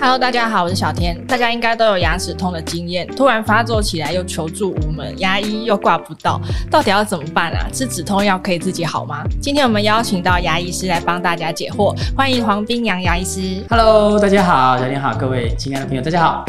Hello，大家好，我是小天。大家應該都有牙齒痛的經驗，突然發作起來又求助無門，牙醫又掛不到，到底要怎麼辦啊？吃止痛藥可以自己好嗎？今天我們邀請到牙醫師來幫大家解惑，歡迎黃斌洋牙醫師。Hello，大家好，小天好，各位親愛的朋友，大家好。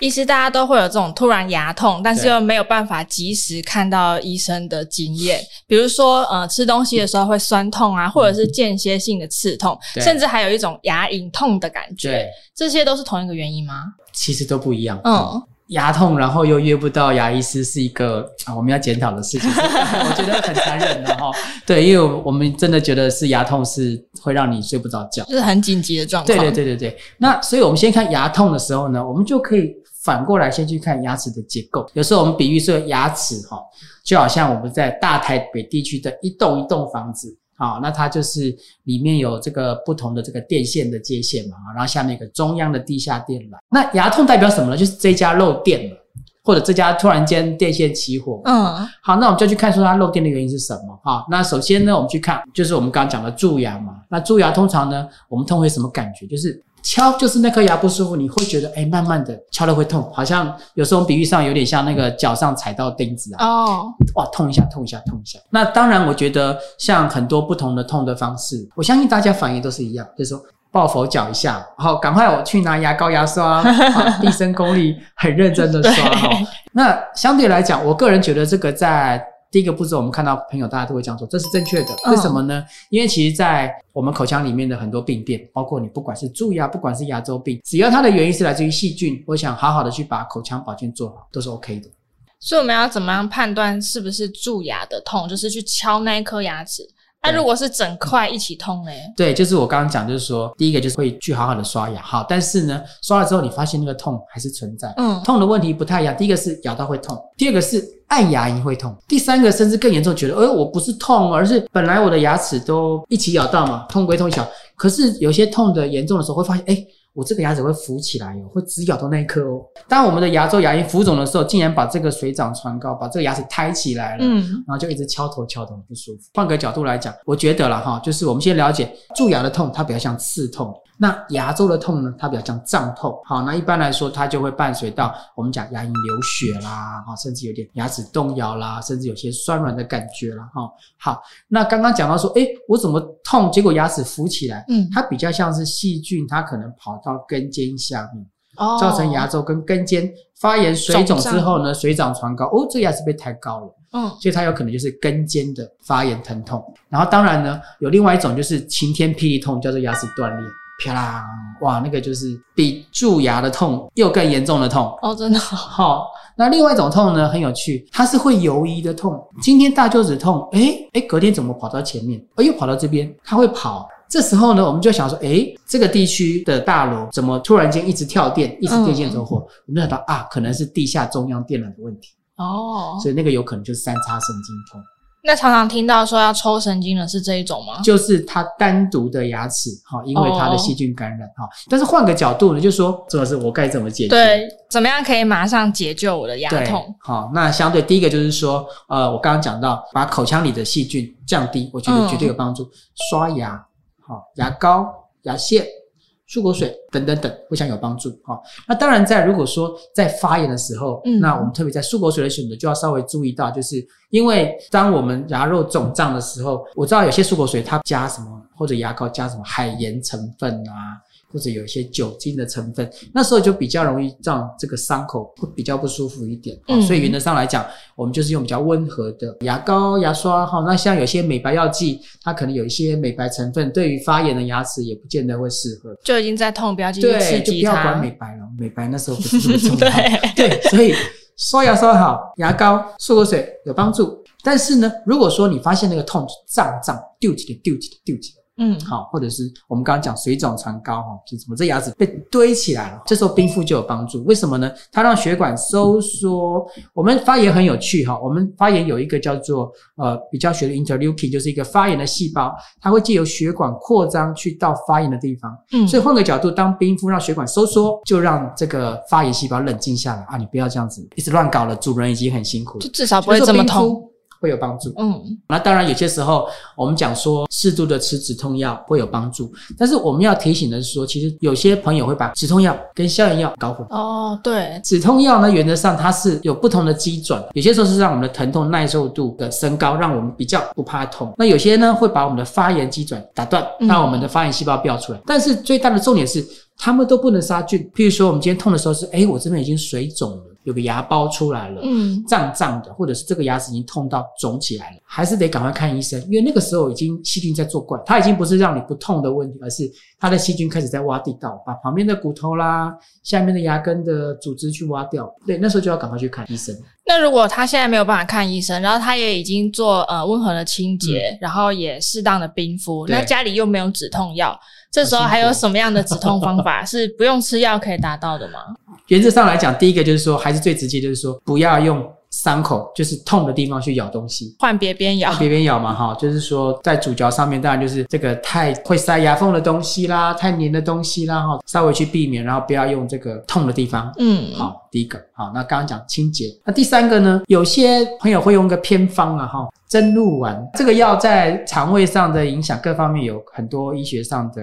醫師，大家都會有這種突然牙痛，但是又沒有辦法及時看到醫生的經驗，對比如說，呃，吃東西的時候會酸痛啊，嗯、或者是間歇性的刺痛，嗯、甚至還有一種牙隱痛的感覺。對，這些都是同一個原因嗎？其實都不一樣。嗯，牙痛然後又約不到牙醫師，是一個、嗯哦、我們要檢討的事情。 我覺得很殘忍的哈。對，因為我們真的覺得是牙痛是會讓你睡不着覺，就是很緊急的狀況。對對對對對。那所以我們先看牙痛的時候呢，我們就可以。反過來先去看牙齒的結構，有時候我們比喻說牙齒哈，就好像我們在大台北地區的一棟一棟房子，好，那它就是裡面有這個不同的這個電線的接線嘛，然後下面一個中央的地下電纜。那牙痛代表什麼呢？就是這家漏電了，或者這家突然間電線起火。嗯，好，那我們就去看說它漏電的原因是什麼？哈，那首先呢，我們去看就是我們剛剛講的蛀牙嘛。那蛀牙通常呢，我們痛會什麼感覺？就是。敲就是那顆牙不舒服，你會覺得誒、欸、慢慢的敲了會痛，好像有時候比喻上有點像那個腳上踩到釘子啊，哦，oh. 哇，痛一下，痛一下，痛一下。那當然，我覺得像很多不同的痛的方式，我相信大家反應都是一樣，就是說抱佛腳一下，好，趕快我去拿牙膏、牙刷，畢生、 啊、功力很認真的刷對、哦、那相對來講，我個人覺得這個在。第一個步驟，我們看到朋友，大家都會講說這是正確的，為、嗯、什麼呢？因為其實，在我們口腔裡面的很多病變，包括你不管是蛀牙，不管是牙周病，只要它的原因是來自於細菌，我想好好的去把口腔保健做好，都是 OK 的。所以我們要怎麼樣判斷是不是蛀牙的痛？就是去敲那一顆牙齒。那如果是整塊一起痛嘞？對，就是我剛剛講，就是說，第一個就是會去好好的刷牙，好，但是呢，刷了之後你發現那個痛還是存在。嗯，痛的問題不太一樣。第一個是咬到會痛，第二個是按牙齦會痛，第三個甚至更嚴重，覺得哎、欸，我不是痛，而是本來我的牙齒都一起咬到嘛，痛歸痛小。可是有些痛的嚴重的時候會發現，誒、欸我這個牙齒會浮起來喲、哦，會只咬到那一顆哦。當我們的牙周牙齦浮腫的時候，竟然把這個水漲船高，把這個牙齒抬起來了，嗯，然後就一直敲頭敲頭不舒服。換個角度來講，我覺得啦齁，就是我們先了解蛀牙的痛，它比較像刺痛。那牙周的痛呢？它比較像脹痛。好，那一般來說它就會伴隨到我們講牙齦流血啦，哈，甚至有點牙齒動搖啦，甚至有些酸軟的感覺啦，哈。好，那剛剛講到說，哎、欸，我怎麼痛？結果牙齒浮起來，嗯，它比較像是細菌，它可能跑到根尖下面，哦，造成牙周跟根尖發炎、水腫之後呢，水漲船高，哦，這個牙齒被抬高了，嗯、哦，所以它有可能就是根尖的發炎疼痛。然後當然呢，有另外一種就是晴天霹靂痛，叫做牙齒斷裂。啪啦，哇，那個就是比蛀牙的痛又更嚴重的痛哦，真的好、哦、那另外一種痛呢，很有趣，它是會游移的痛。今天大臼齒痛，誒、欸、誒、欸、隔天怎麼跑到前面？哦，又跑到這邊，它會跑。這時候呢，我們就想說，誒、欸、這個地區的大樓怎麼突然間一直跳電，一直電線走火？嗯嗯嗯，我們就想到啊，可能是地下中央電纜的問題哦，所以那個有可能就是三叉神經痛。那常常聽到說要抽神經的是這一種嗎？就是他單獨的牙齒哈，因為他的細菌感染哈。哦、但是換個角度呢，就說這是我該怎麼解決？對，怎麼樣可以馬上解救我的牙痛？好，那相對第一個就是說，呃，我剛剛講到把口腔裡的細菌降低，我覺得絕對有幫助。嗯、刷牙，好，牙膏、牙線。漱口水等等等互相有幫助哈、哦。那當然，在如果說在發炎的時候，嗯、那我們特別在漱口水的選擇就要稍微注意到，就是因為當我們牙肉腫脹的時候，我知道有些漱口水它加什麼或者牙膏加什麼海鹽成分啊。或者有一些酒精的成分，那時候就比較容易讓這個傷口會比較不舒服一點、嗯、所以原則上來講，我們就是用比較溫和的牙膏、牙刷哈。那像有些美白藥劑，它可能有一些美白成分，對於發炎的牙齒也不見得會適合。就已經在痛，不要繼續刺激對就不要管美白了，美白那時候不是這麼重要。 對，對，所以刷牙刷好，牙膏漱口水有幫助。嗯、但是呢，如果說你發現那個痛脹脹、丟幾的丟幾的丟幾。丟起嗯，好，或者是我們剛剛講水漲船高哈，就什麼這牙齒被堆起來了，這時候冰敷就有幫助。為什麼呢？它讓血管收縮，嗯。我們發炎很有趣哈，我們發炎有一個叫做呃比較學的 interleukin，就是一個發炎的細胞，它會借由血管擴張去到發炎的地方。嗯，所以換個角度，當冰敷讓血管收縮，就讓這個發炎細胞冷靜下來啊，你不要這樣子一直亂搞了，主人已經很辛苦了。就至少不會這麼痛。會有幫助，嗯，那當然有些時候我們講說適度的吃止痛藥會有幫助，但是我們要提醒的是說，其實有些朋友會把止痛藥跟消炎藥搞混。哦，對，止痛藥呢，原則上它是有不同的機轉，有些時候是讓我們的疼痛耐受度的升高，讓我們比較不怕痛。那有些呢會把我們的發炎機轉打斷，讓我們的發炎細胞飆出來。嗯、但是最大的重點是，它們都不能殺菌。譬如說，我們今天痛的時候是，哎、欸，我這邊已經水腫了。有個牙包出來了，嗯，脹脹的，或者是這個牙齒已經痛到腫起來了，還是得趕快看醫生，因為那個時候已經細菌在作怪，它已經不是讓你不痛的問題，而是它的細菌開始在挖地道，把旁邊的骨頭啦、下面的牙根的組織去挖掉。對，那時候就要趕快去看醫生。那如果他現在沒有辦法看醫生，然後他也已經做呃溫和的清潔，嗯、然後也適當的冰敷，對那家裡又沒有止痛藥，這時候還有什麼樣的止痛方法、啊、 是不用吃藥可以達到的嗎？原則上來講，第一個就是說，還是最直接，就是說，不要用傷口，就是痛的地方去咬東西，換別邊咬，換別邊咬嘛，哈，就是說在主角咀嚼上面，當然就是這個太會塞牙縫的東西啦，太黏的東西啦，哈，稍微去避免，然後不要用這個痛的地方，嗯，好，第一個，好，那剛剛講清潔，那第三個呢，有些朋友會用個偏方啊，哈。正露丸這個藥在腸胃上的影響各方面有很多醫學上的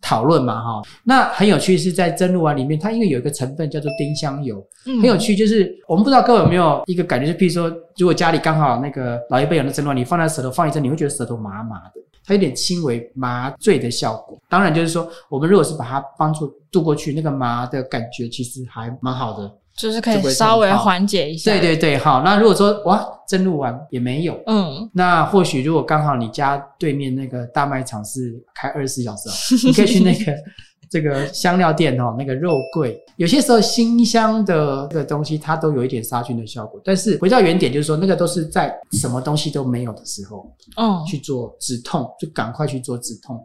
討論嘛，哈。那很有趣是在正露丸裡面，它因為有一個成分叫做丁香油，嗯、很有趣就是我們不知道各位有沒有一個感覺，就譬如說如果家裡剛好那個老一輩人的正露丸，你放在舌頭放一陣，你會覺得舌頭麻麻的，它有點輕微麻醉的效果。當然就是說我們如果是把它幫助渡過去，那個麻的感覺其實還蠻好的。就是可以稍微緩解一下。對對對，好。那如果說哇，針灸完也沒有，嗯，那或許如果剛好你家對面那個大賣場是開二十四小時， 你可以去那個這個香料店哦，那個肉桂，有些時候辛香的的東西它都有一點殺菌的效果。但是回到原點，就是說那個都是在什麼東西都沒有的時候，嗯，去做止痛，就趕快去做止痛。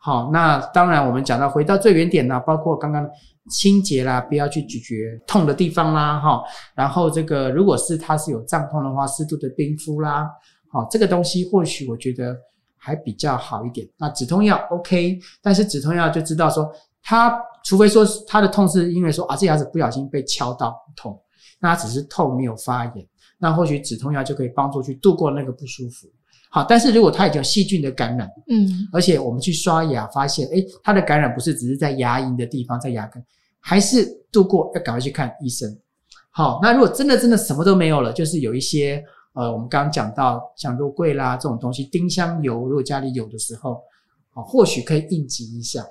好，那當然我們講到回到最原點呢、啊，包括剛剛。清潔啦，不要去咀嚼痛的地方啦，哈。然後這個，如果是它是有脹痛的話，適度的冰敷啦，哈，這個東西或許我覺得還比較好一點。那止痛藥 OK，但是止痛藥就知道說，它除非說它的痛是因為說啊這牙齒不小心被敲到痛，那它只是痛沒有發炎，那或許止痛藥就可以幫助去度過那個不舒服。好，但是如果他已經有細菌的感染，嗯，而且我們去刷牙發現，哎，他的感染不是只是在牙齦的地方，在牙根，還是度過，要趕快去看醫生。好，那如果真的真的什麼都沒有了，就是有一些呃，我們剛剛講到像肉桂啦這種東西，丁香油如果家裡有的時候，啊，或許可以應急一下。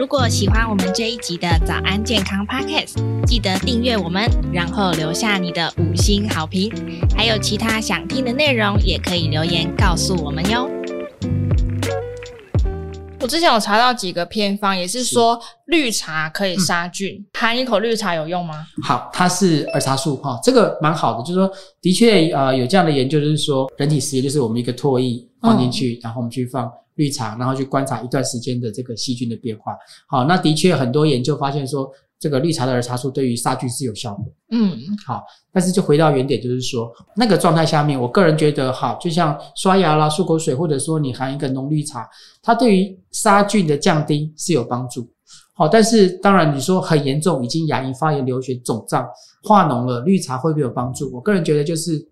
如果喜歡我們這一集的早安健康 Podcast，記得訂閱我們，然後留下你的五星好評。還有其他想聽的內容，也可以留言告訴我們喲。我之前有查到幾個偏方，也是說綠茶可以殺菌，含、嗯、一口綠茶有用嗎？好，它是兒茶素哈、哦，這個蠻好的，就是說的確呃有這樣的研究，就是說人體實驗，就是我們一個唾液放進去，哦、然後我們去放。綠茶，然後去觀察一段時間的這個細菌的變化。好，那的確很多研究發現說，這個綠茶的兒茶素對於殺菌是有效果。嗯，好。但是就回到原點，就是說，那個狀態下面，我個人覺得，好，就像刷牙啦、漱口水，或者說你含一個濃綠茶，它對於殺菌的降低是有幫助。好，但是當然你說很嚴重，已經牙齦發炎、流血、腫脹、化膿了，綠茶會不會有幫助？我個人覺得就是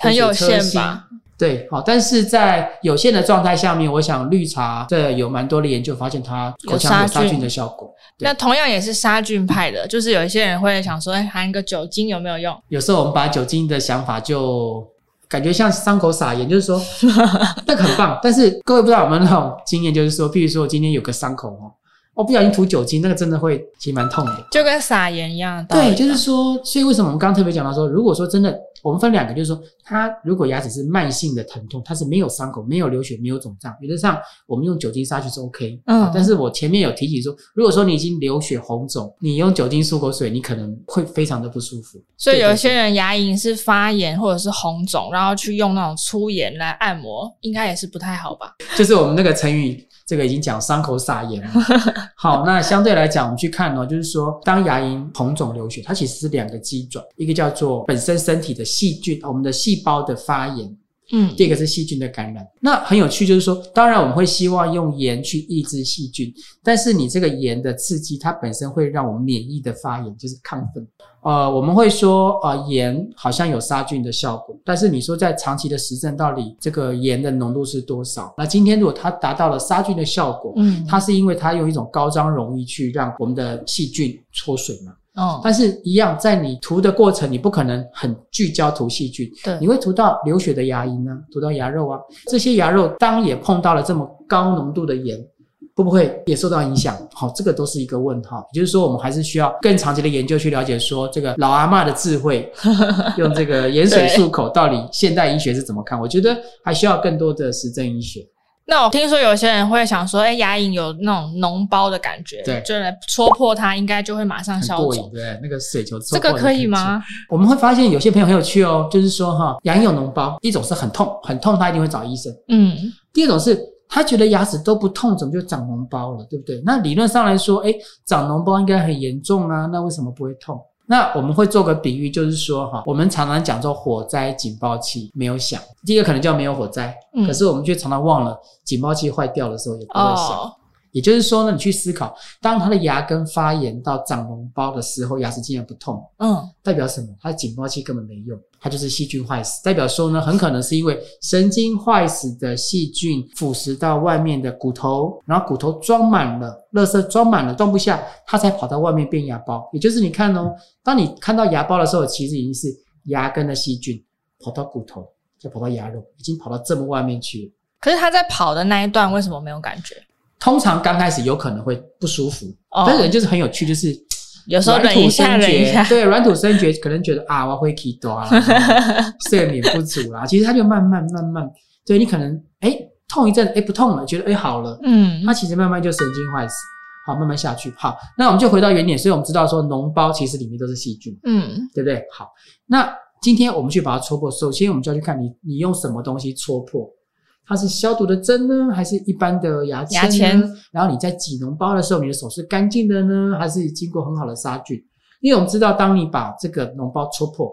很有限吧。對，好，但是在有限的狀態下面，我想綠茶這有蠻多的研究，發現它口腔有殺菌的效果。對那同樣也是殺菌派的，就是有一些人會想說，欸、含一個酒精有沒有用？有時候我們把酒精的想法就感覺像傷口撒鹽，就是說 那個很棒。但是各位不知道有沒有那種經驗，就是說，譬如說我今天有個傷口哦，我不小心塗酒精，那個真的會其實蠻痛的，就跟撒鹽一樣。對，就是說，所以為什麼我們剛剛特別講到說，如果說真的。我們分兩個，就是說，它，如果牙齒是慢性的疼痛，它是沒有傷口、沒有流血、沒有腫脹，比如像我們用酒精殺菌，是 OK 嗯。嗯、啊，但是我前面有提起說，如果說你已經流血、紅腫，你用酒精漱口水，你可能會非常的不舒服。所以有些人牙齦是發炎或者是紅腫，然後去用那種粗鹽來按摩，應該也是不太好吧？ 就是我們那個成語。這個已經講傷口撒鹽了， 好，那相對來講，我們去看哦，就是說，當牙齦紅腫流血，它其實是兩個機制，一個叫做本身身體的細菌，我們的細胞的發炎。嗯，這個是細菌的感染。那很有趣，就是說，當然我們會希望用鹽去抑制細菌，但是你這個鹽的刺激，它本身會讓我們免疫的發炎，就是亢奮。嗯、呃，我們會說，呃，鹽好像有殺菌的效果，但是你說在長期的實證到底，這個鹽的濃度是多少？那今天如果它達到了殺菌的效果，嗯，它是因為它用一種高張溶液去讓我們的細菌抽水嗎？哦，但是一樣，在你塗的過程，你不可能很聚焦塗細菌，對，你會塗到流血的牙齦啊，塗到牙肉啊，這些牙肉當也碰到了這麼高濃度的鹽，會不會也受到影響？好，這個都是一個問號，也就是說，我們還是需要更長期的研究去了解，說這個老阿嬤的智慧， 用這個鹽水漱口，對到底現代醫學是怎麼看？我覺得還需要更多的實證醫學。那我聽說有些人會想說，哎、欸，牙齦有那種膿包的感覺，對，就來戳破它，應該就會馬上消腫，對，那個水球戳破。這個可以嗎？我們會發現有些朋友很有趣哦，就是說哈，牙齦有膿包，一種是很痛，很痛，他一定會找醫生，嗯。第二種是他覺得牙齒都不痛，怎麼就長膿包了，對不對？那理論上來說，哎、欸，長膿包應該很嚴重啊，那為什麼不會痛？那我們會做個比喻，就是說哈，我們常常講說，火災警報器沒有響，第一個可能叫沒有火災，嗯、可是我們卻常常忘了警報器壞掉的時候也不會響。哦也就是說呢，你去思考，當他的牙根發炎到長膿包的時候，牙齒竟然不痛，嗯，代表什麼？他的警報器根本沒用，它就是細菌壞死。代表說呢，很可能是因為神經壞死的細菌腐蝕到外面的骨頭，然後骨頭裝滿了，垃圾裝滿了，裝不下，它才跑到外面變牙包。也就是你看哦，當你看到牙包的時候，其實已經是牙根的細菌跑到骨頭，再跑到牙肉，已經跑到這麼外面去了。可是他在跑的那一段，為什麼沒有感覺？通常剛開始有可能會不舒服，哦、但是人就是很有趣，就是有時候軟土深掘，對，軟土深掘可能覺得 啊，我會起多了，睡眠不足啦， 其實它就慢慢慢慢，對你可能哎、欸、痛一陣，哎、欸、不痛了，覺得哎、欸、好了，嗯，它其實慢慢就神經壞死，好，慢慢下去。好，那我們就回到原點，所以我們知道說，膿包其實裡面都是細菌，嗯，對不對？好，那今天我們去把它戳破，首先我們就要去看你你用什麼東西戳破。它是消毒的針呢，還是一般的牙籤呢？牙籤。然後你在擠膿包的時候，你的手是乾淨的呢，還是經過很好的殺菌？因為我們知道，當你把這個膿包戳破，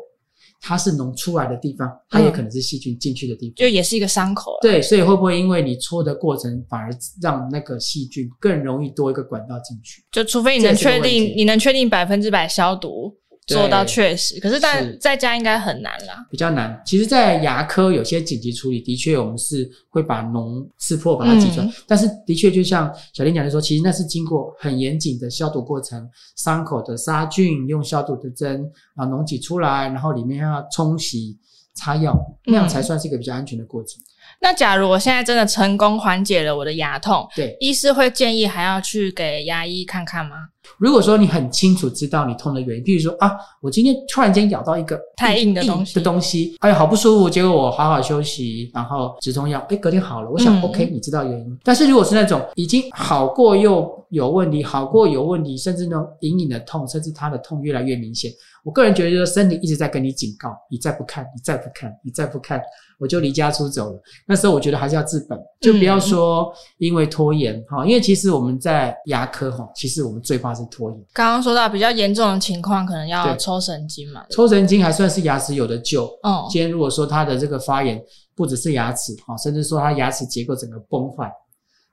它是膿出來的地方，它也可能是細菌進去的地方，嗯，就也是一個傷口。對，所以會不會因為你戳的過程，反而讓那個細菌更容易多一個管道進去？就除非你能確定，你能確定百分之百消毒。做到確實，對可是在是在家應該很難啦，比較難。其實，在牙科有些緊急處理，的確我們是會把膿刺破，把它擠出來。嗯、但是，的確就像小林講的說，其實那是經過很嚴謹的消毒過程，傷口的殺菌，用消毒的針把膿擠出來，然後裡面要沖洗擦藥，嗯、那樣才算是一個比較安全的過程。那假如我現在真的成功緩解了我的牙痛，對，醫師會建議還要去給牙醫看看嗎？如果說你很清楚知道你痛的原因，比如說啊，我今天突然間咬到一個硬太硬的東西，哎呀、哎，好不舒服。結果我好好休息，然後止痛藥，誒、欸，隔天好了。我想、嗯，OK，你知道原因。但是如果是那種已經好過又有問題，好過又有問題，甚至呢隱隱的痛，甚至它的痛越來越明顯。我個人覺得，就是身體一直在跟你警告，你再不看，你再不看，你再不看，不看我就離家出走了。那時候我覺得還是要治本，就不要說因為拖延哈，嗯、因為其實我們在牙科哈，其實我們最怕是拖延。剛剛說到比較嚴重的情況，可能要抽神經嘛？抽神經還算是牙齒有得救。哦、嗯，今天如果說它的這個發炎不只是牙齒哈，甚至說它牙齒結構整個崩壞。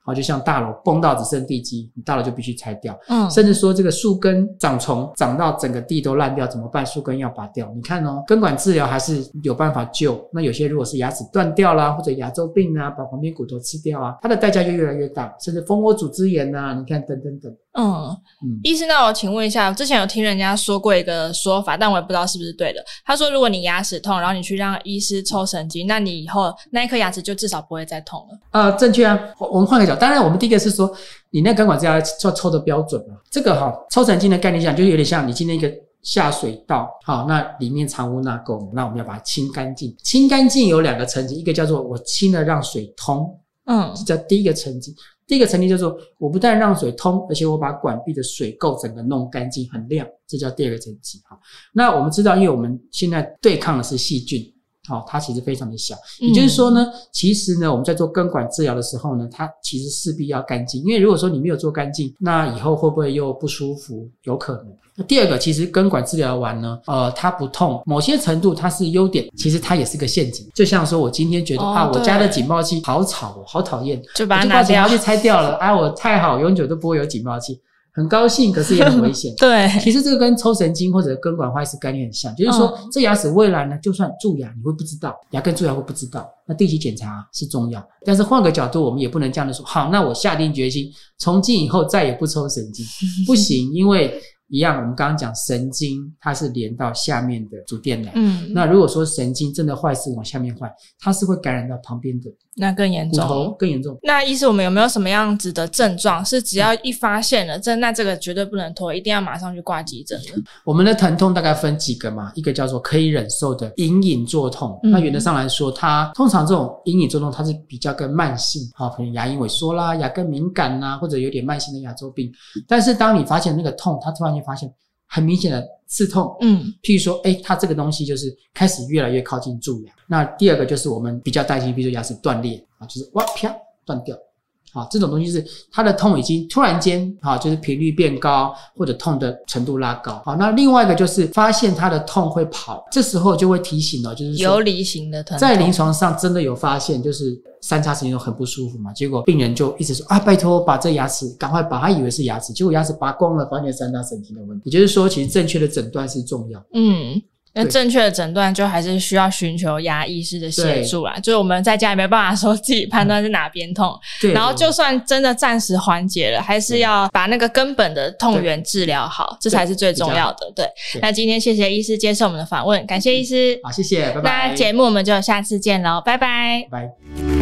然後就像大樓崩到只剩地基，你大樓就必須拆掉。嗯、哦，甚至說這個樹根長蟲長到整個地都爛掉，怎麼辦？樹根要拔掉。你看哦，根管治療還是有辦法救。那有些如果是牙齒斷掉了，或者牙周病啊，把旁邊骨頭吃掉啊，它的代價就越來越大。甚至蜂窩組織炎吶、啊，你看等等等。嗯，嗯，醫生，那我請問一下，之前有聽人家說過一個說法，但我也不知道是不是對的。他說，如果你牙齒痛，然後你去讓醫師抽神經，那你以後那一顆牙齒就至少不會再痛了。啊、呃，正確啊。我們換個角，當然，我們第一個是說，你那根管子要抽，抽的標準啊。這個哈、哦，抽神經的概念上，就是有點像你今天一個下水道，好、哦，那裡面藏污納垢，那我們要把它清乾淨。清乾淨有兩個層級，一個叫做我清了讓水通，嗯，是在第一個層級。第一個層級就是，我不但讓水通，而且我把管壁的水垢整個弄乾淨，很亮，這叫第二個層級。哈，那我們知道，因為我們現在對抗的是細菌。好、哦，它其實非常的小，也就是說呢，嗯、其實呢，我們在做根管治療的時候呢，它其實勢必要乾淨，因為如果說你沒有做乾淨，那以後會不會又不舒服？有可能。那第二個，其實根管治療完呢，呃，它不痛，某些程度它是優點，其實它也是個陷阱。就像說我今天覺得、哦、啊，我家的警報器好吵，哦，好討厭，就把這個警報器拆掉了，啊，我太好，永久都不會有警報器。很高興，可是也很危險。對，其實這個跟抽神經或者根管壞死概念很像，就是說、嗯、這牙齒未來呢，就算蛀牙，你會不知道，牙根蛀牙會不知道。那定期檢查、啊、是重要，但是換個角度，我們也不能這樣的說，好，那我下定決心，從今以後再也不抽神經， 不行，因為一樣，我們剛剛講神經它是連到下面的主電纜，嗯、那如果說神經真的壞死往下面壞，它是會感染到旁邊的。那更嚴重，更嚴重。那意思，我們有沒有什麼樣子的症狀？是只要一發現了、嗯、這，那這個絕對不能拖，一定要馬上去掛急診的。我們的疼痛大概分幾個嘛？一個叫做可以忍受的隱隱作痛。嗯、那原則上來說，它通常這種隱隱作痛，它是比較跟慢性，好，可能牙齦萎縮啦、牙根敏感啦，或者有點慢性的牙周病。嗯、但是當你發現那個痛，它突然間發現。很明顯的刺痛，嗯，譬如說，哎、欸，它這個東西就是開始越來越靠近蛀牙。那第二個就是我們比較擔心，比如說牙齒斷裂啊，就是哇，啪，斷掉。啊，這種東西是他的痛已經突然間啊，就是頻率變高或者痛的程度拉高。好，那另外一個就是發現他的痛會跑，這時候就會提醒了，就是游離型的痛。在臨床上真的有發現，就是三叉神經都很不舒服嘛，結果病人就一直說啊，拜托把這牙齒趕快拔，他以為是牙齒，結果牙齒拔光了，發現三叉神經的問題。也就是說，其實正確的診斷是重要。嗯。那正確的診斷就還是需要尋求牙醫師的協助啦。對就是我們在家也沒辦法說自己判斷是哪邊痛，嗯、然後就算真的暫時緩解了，還是要把那個根本的痛源治療好，對這才是最重要的。對，對那今天謝謝醫師接受我們的訪問，感謝醫師、嗯。好，謝謝，拜拜。那節目我們就下次見嘍，拜。拜。拜拜。